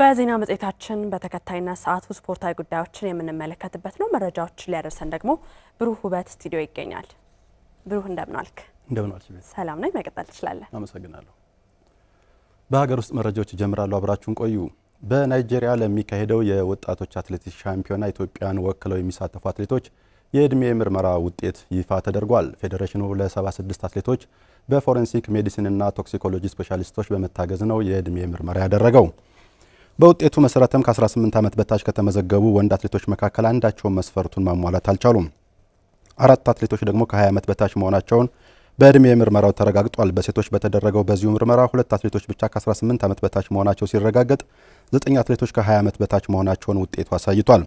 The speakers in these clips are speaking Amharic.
በዜና መጽሔታችን በተከታይነት ሰዓቱ ስፖርታዊ ጉዳዮችን የምንመለከትበት ነው። መረጃዎችን ሊያደርሰን ደግሞ ብሩህ ውበት ስቱዲዮ ይገኛል። ብሩህ እንደምናልክ ዋልክ? እንደምን ሰላም ነኝ። መቀጠል ትችላለን። አመሰግናለሁ። በሀገር ውስጥ መረጃዎች ይጀምራሉ። አብራችሁን ቆዩ። በናይጄሪያ ለሚካሄደው የወጣቶች አትሌቲክስ ሻምፒዮና ኢትዮጵያን ወክለው የሚሳተፉ አትሌቶች የእድሜ ምርመራ ውጤት ይፋ ተደርጓል። ፌዴሬሽኑ ለ76 አትሌቶች በፎረንሲክ ሜዲሲንና ቶክሲኮሎጂ ስፔሻሊስቶች በመታገዝ ነው የእድሜ ምርመራ ያደረገው። በውጤቱ መሰረትም ከ18 ዓመት በታች ከተመዘገቡ ወንድ አትሌቶች መካከል አንዳቸውን መስፈርቱን ማሟላት አልቻሉም። አራት አትሌቶች ደግሞ ከ20 ዓመት በታች መሆናቸውን በእድሜ ምርመራው ተረጋግጧል። በሴቶች በተደረገው በዚሁ ምርመራ ሁለት አትሌቶች ብቻ ከ18 ዓመት በታች መሆናቸው ሲረጋገጥ ዘጠኝ አትሌቶች ከ20 ዓመት በታች መሆናቸውን ውጤቱ አሳይቷል።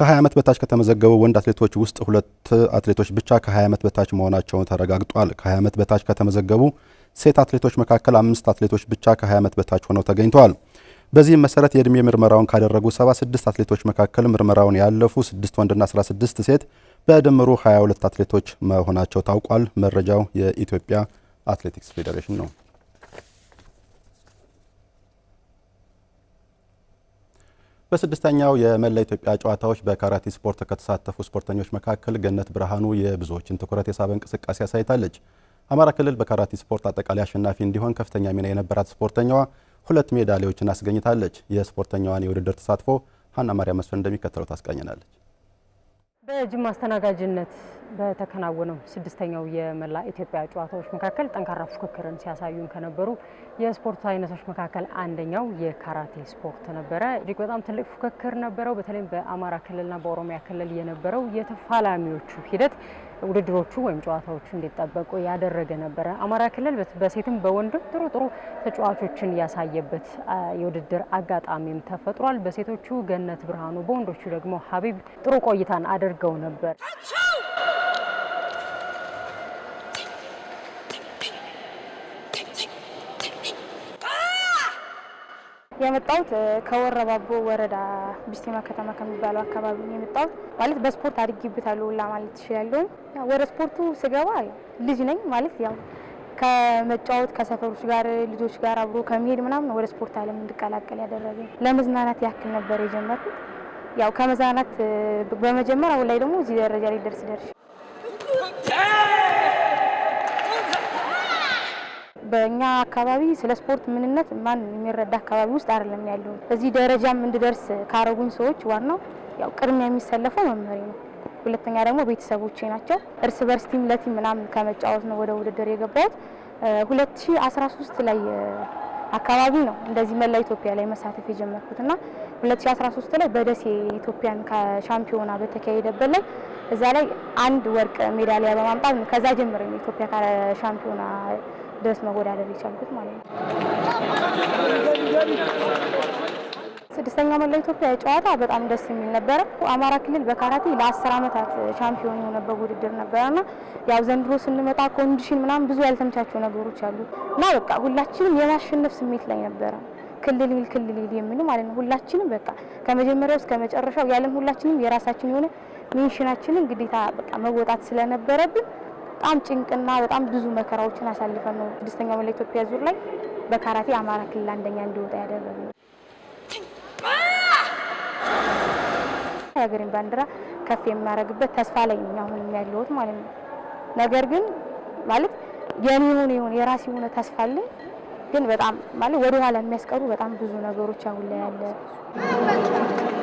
ከ20 ዓመት በታች ከተመዘገቡ ወንድ አትሌቶች ውስጥ ሁለት አትሌቶች ብቻ ከ20 ዓመት በታች መሆናቸውን ተረጋግጧል። ከ20 ዓመት በታች ከተመዘገቡ ሴት አትሌቶች መካከል አምስት አትሌቶች ብቻ ከ20 ዓመት በታች ሆነው ተገኝተዋል። በዚህም መሰረት የእድሜ ምርመራውን ካደረጉ 76 አትሌቶች መካከል ምርመራውን ያለፉ 6 ወንድና 16 ሴት በድምሩ 22 አትሌቶች መሆናቸው ታውቋል። መረጃው የኢትዮጵያ አትሌቲክስ ፌዴሬሽን ነው። በስድስተኛው የመላ ኢትዮጵያ ጨዋታዎች በካራቲ ስፖርት ከተሳተፉ ስፖርተኞች መካከል ገነት ብርሃኑ የብዙዎችን ትኩረት የሳበ እንቅስቃሴ አሳይታለች። አማራ ክልል በካራቲ ስፖርት አጠቃላይ አሸናፊ እንዲሆን ከፍተኛ ሚና የነበራት ስፖርተኛዋ ሁለት ሜዳሊያዎችን አስገኝታለች። የስፖርተኛዋን የውድድር ተሳትፎ ሀና ማርያም መስፍን እንደሚከተለው ታስቃኘናለች። በጅም አስተናጋጅነት በተከናወነው ስድስተኛው የመላ ኢትዮጵያ ጨዋታዎች መካከል ጠንካራ ፉክክርን ሲያሳዩን ከነበሩ የስፖርት አይነቶች መካከል አንደኛው የካራቴ ስፖርት ነበረ። እጅግ በጣም ትልቅ ፉክክር ነበረው። በተለይም በአማራ ክልልና በኦሮሚያ ክልል የነበረው የተፋላሚዎቹ ሂደት ውድድሮቹ ወይም ጨዋታዎቹ እንዲጠበቁ ያደረገ ነበረ። አማራ ክልል በሴትም በወንድም ጥሩ ጥሩ ተጫዋቾችን ያሳየበት የውድድር አጋጣሚም ተፈጥሯል። በሴቶቹ ገነት ብርሃኑ፣ በወንዶቹ ደግሞ ሀቢብ ጥሩ ቆይታን አድርገው ነበር። የመጣሁት ከወረባቦ ወረዳ ቢስቲማ ከተማ ከሚባለው አካባቢ ነው የመጣሁት። ማለት በስፖርት አድጌበታለሁ ሁላ ማለት እችላለሁ። ወደ ስፖርቱ ስገባ ልጅ ነኝ ማለት ያው ከመጫወት ከሰፈሮች ጋር ልጆች ጋር አብሮ ከመሄድ ምናምን ወደ ስፖርት ዓለም እንድቀላቀል ያደረገ ለመዝናናት ያክል ነበር የጀመርኩት። ያው ከመዝናናት በመጀመር አሁን ላይ ደግሞ እዚህ ደረጃ ላይ ደርስ ደርሽ በእኛ አካባቢ ስለ ስፖርት ምንነት ማን የሚረዳ አካባቢ ውስጥ አይደለም ያለው። እዚህ ደረጃም እንድደርስ ካረጉኝ ሰዎች ዋናው ያው ቅድሚያ የሚሰለፈው መምህሬ ነው። ሁለተኛ ደግሞ ቤተሰቦቼ ናቸው። እርስ በርስ ቲም ለቲም ምናምን ከመጫወት ነው ወደ ውድድር የገባሁት። 2013 ላይ አካባቢ ነው እንደዚህ መላ ኢትዮጵያ ላይ መሳተፍ የጀመርኩትና 2013 ላይ በደሴ የኢትዮጵያን ሻምፒዮና በተካሄደበት ላይ እዛ ላይ አንድ ወርቅ ሜዳሊያ በማምጣት ከዛ ጀምሮ ኢትዮጵያ ሻምፒዮና ድረስ መወዳደር የቻልኩት ማለት ነው። ስድስተኛ መላው ኢትዮጵያ ጨዋታ በጣም ደስ የሚል ነበረ። አማራ ክልል በካራቴ ለአስር ዓመታት ሻምፒዮን የሆነበት ውድድር ነበረና ያው ዘንድሮ ስንመጣ ኮንዲሽን ምናምን ብዙ ያልተመቻቸው ነገሮች አሉ እና በቃ ሁላችንም የማሸነፍ ስሜት ላይ ነበረ። ክልል ክልል የሚሉ ማለት ነው። ሁላችንም በቃ ከመጀመሪያው እስከ መጨረሻው ያለን ሁላችንም የራሳችን የሆነ ሚሽናችንን ግዴታ በቃ መወጣት ስለነበረብን በጣም ጭንቅና በጣም ብዙ መከራዎችን አሳልፈን ነው ስድስተኛው መላ ኢትዮጵያ ዙር ላይ በካራቴ አማራ ክልል አንደኛ እንዲወጣ ያደረግ ነው። የሀገሬን ባንዲራ ከፍ የሚያደርግበት ተስፋ ላይ ነኝ አሁን ያለሁት ማለት ነው። ነገር ግን ማለት የኔ የሆነ የሆነ የራሴ የሆነ ተስፋ አለኝ። ግን በጣም ማለት ወደኋላ የሚያስቀሩ በጣም ብዙ ነገሮች አሁን ላይ ያለ